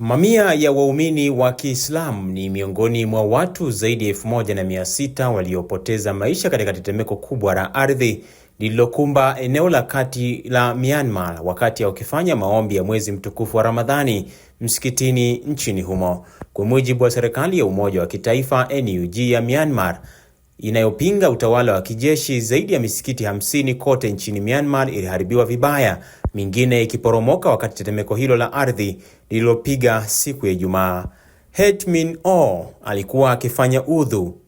Mamia ya waumini wa Kiislamu ni miongoni mwa watu zaidi ya sita waliopoteza maisha katika tetemeko kubwa la ardhi lililokumba eneo la kati la Myanmar wakati wakifanya maombi ya mwezi mtukufu wa Ramadhani msikitini nchini humo. Kwa mujibu wa serikali ya umoja wa kitaifa NUG ya Myanmar inayopinga utawala wa kijeshi, zaidi ya misikiti 50 kote nchini Myanmar iliharibiwa vibaya mingine ikiporomoka wakati tetemeko hilo la ardhi lililopiga siku ya Ijumaa. Hetmin O alikuwa akifanya udhu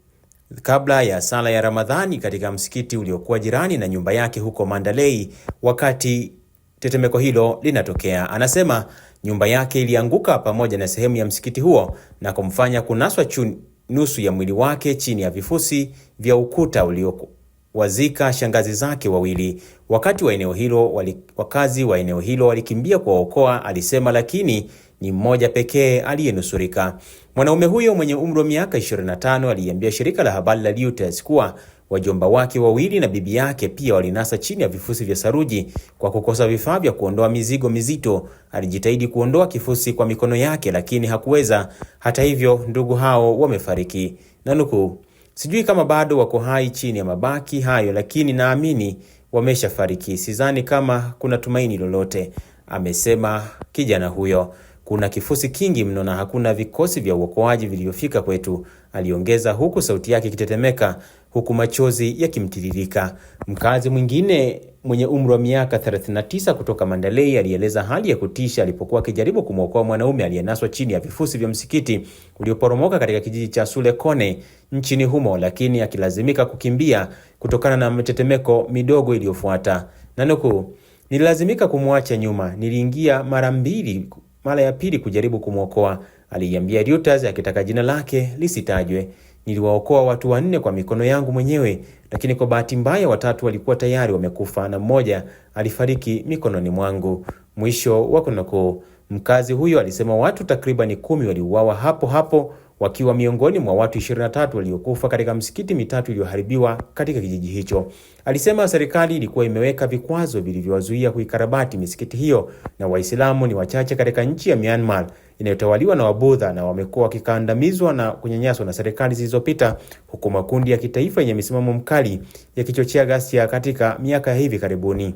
kabla ya sala ya Ramadhani katika msikiti uliokuwa jirani na nyumba yake huko Mandalay wakati tetemeko hilo linatokea. Anasema nyumba yake ilianguka pamoja na sehemu ya msikiti huo na kumfanya kunaswa chun, nusu ya mwili wake chini ya vifusi vya ukuta ulioku wazika shangazi zake wawili. Wakati wa eneo hilo wali, wakazi wa eneo hilo walikimbia kuwaokoa, alisema, lakini ni mmoja pekee aliyenusurika. Mwanaume huyo mwenye umri wa miaka 25 aliambia shirika la habari la Reuters kuwa wajomba wake wawili na bibi yake pia walinasa chini ya vifusi vya saruji kwa kukosa vifaa vya kuondoa mizigo mizito. Alijitahidi kuondoa kifusi kwa mikono yake, lakini hakuweza. Hata hivyo, ndugu hao wamefariki na nukuu Sijui kama bado wako hai chini ya mabaki hayo, lakini naamini wameshafariki. Sidhani kama kuna tumaini lolote, amesema kijana huyo kuna kifusi kingi mno na hakuna vikosi vya uokoaji vilivyofika kwetu, aliongeza huku sauti yake ikitetemeka huku machozi yakimtiririka. Mkazi mwingine mwenye umri wa miaka 39 kutoka Mandalay alieleza hali ya kutisha alipokuwa akijaribu kumwokoa mwanaume aliyenaswa chini ya vifusi vya msikiti ulioporomoka katika kijiji cha Sulekone nchini humo, lakini akilazimika kukimbia kutokana na mitetemeko midogo iliyofuata. Nanukuu, nililazimika kumwacha nyuma, niliingia mara mbili mara ya pili kujaribu kumwokoa, aliiambia Reuters akitaka jina lake lisitajwe. Niliwaokoa watu wanne kwa mikono yangu mwenyewe, lakini kwa bahati mbaya watatu walikuwa tayari wamekufa na mmoja alifariki mikononi mwangu. Mwisho wa kunukuu. Mkazi huyo alisema watu takribani kumi waliuawa hapo hapo wakiwa miongoni mwa watu 23 waliokufa katika msikiti mitatu iliyoharibiwa katika kijiji hicho. Alisema serikali ilikuwa imeweka vikwazo vilivyowazuia kuikarabati misikiti hiyo, na Waislamu ni wachache katika nchi ya Myanmar inayotawaliwa na Wabudha na wamekuwa wakikandamizwa na kunyanyaswa na serikali zilizopita, huku makundi ya kitaifa yenye misimamo mkali yakichochea ghasia katika miaka ya hivi karibuni.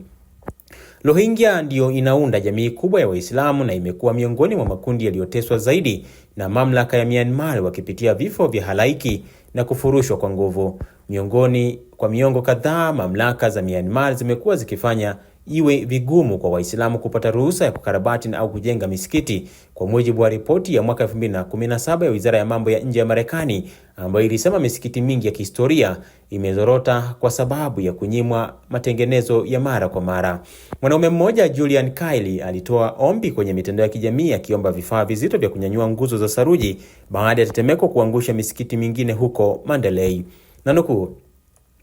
Rohingya ndiyo inaunda jamii kubwa ya Waislamu na imekuwa miongoni mwa makundi yaliyoteswa zaidi na mamlaka ya Myanmar wakipitia vifo vya halaiki na kufurushwa kwa nguvu. Miongoni kwa miongo kadhaa mamlaka za Myanmar zimekuwa zikifanya iwe vigumu kwa Waislamu kupata ruhusa ya kukarabati au kujenga misikiti, kwa mujibu wa ripoti ya mwaka 2017 ya Wizara ya Mambo ya Nje ya Marekani, ambayo ilisema misikiti mingi ya kihistoria imezorota kwa sababu ya kunyimwa matengenezo ya mara kwa mara. Mwanaume mmoja Julian Kylie alitoa ombi kwenye mitandao ya kijamii akiomba vifaa vizito vya kunyanyua nguzo za saruji baada ya tetemeko kuangusha misikiti mingine huko Mandalay. Nanukuu,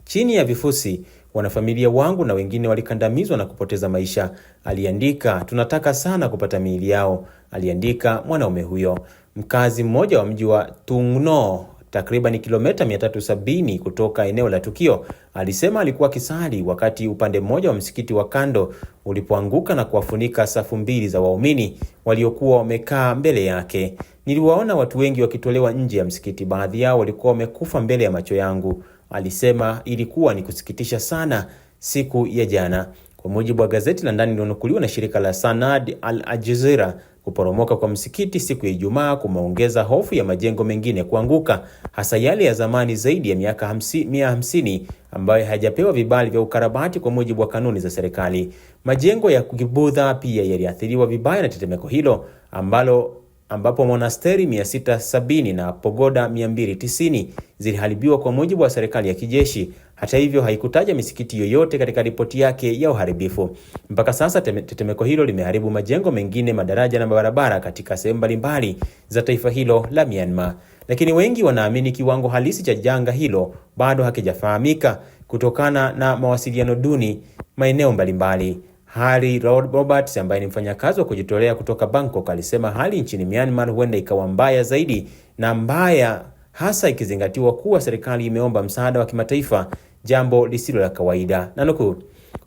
chini ya vifusi Wanafamilia wangu na wengine walikandamizwa na kupoteza maisha, aliandika. Tunataka sana kupata miili yao, aliandika mwanaume huyo. Mkazi mmoja wa mji wa Tungno takriban kilomita 370 kutoka eneo la tukio alisema alikuwa akisali wakati upande mmoja wa msikiti wa kando ulipoanguka na kuwafunika safu mbili za waumini waliokuwa wamekaa mbele yake. Niliwaona watu wengi wakitolewa nje ya msikiti, baadhi yao walikuwa wamekufa mbele ya macho yangu alisema ilikuwa ni kusikitisha sana siku ya jana. Kwa mujibu wa gazeti la ndani lilonukuliwa na shirika la Sanad Al Ajizira, kuporomoka kwa msikiti siku ya Ijumaa kumeongeza hofu ya majengo mengine kuanguka, hasa yale ya zamani zaidi ya miaka 150 ambayo hayajapewa vibali vya ukarabati kwa mujibu wa kanuni za serikali. Majengo ya Kibudha pia yaliathiriwa vibaya na tetemeko hilo ambalo ambapo monasteri 670 na pogoda 290 ziliharibiwa kwa mujibu wa serikali ya kijeshi. Hata hivyo, haikutaja misikiti yoyote katika ripoti yake ya uharibifu. Mpaka sasa, tetemeko hilo limeharibu majengo mengine, madaraja na barabara katika sehemu mbalimbali za taifa hilo la Myanmar. Lakini wengi wanaamini kiwango halisi cha janga hilo bado hakijafahamika kutokana na mawasiliano duni maeneo mbalimbali. Harry Roberts ambaye ni mfanyakazi wa kujitolea kutoka Bangkok alisema hali nchini Myanmar huenda ikawa mbaya zaidi na mbaya hasa ikizingatiwa kuwa serikali imeomba msaada wa kimataifa, jambo lisilo la kawaida. Nanukuu,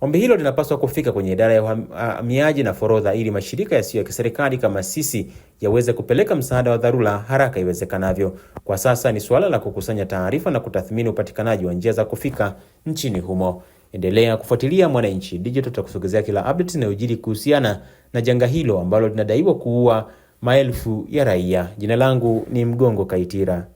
ombi hilo linapaswa kufika kwenye idara ya uhamiaji na forodha ili mashirika yasiyo ya kiserikali kama sisi yaweze kupeleka msaada wa dharura haraka iwezekanavyo. Kwa sasa ni suala la kukusanya taarifa na kutathmini upatikanaji wa njia za kufika nchini humo. Endelea kufuatilia Mwananchi Digital, tutakusogezea kila update inayojiri kuhusiana na janga hilo ambalo linadaiwa kuua maelfu ya raia. Jina langu ni Mgongo Kaitira.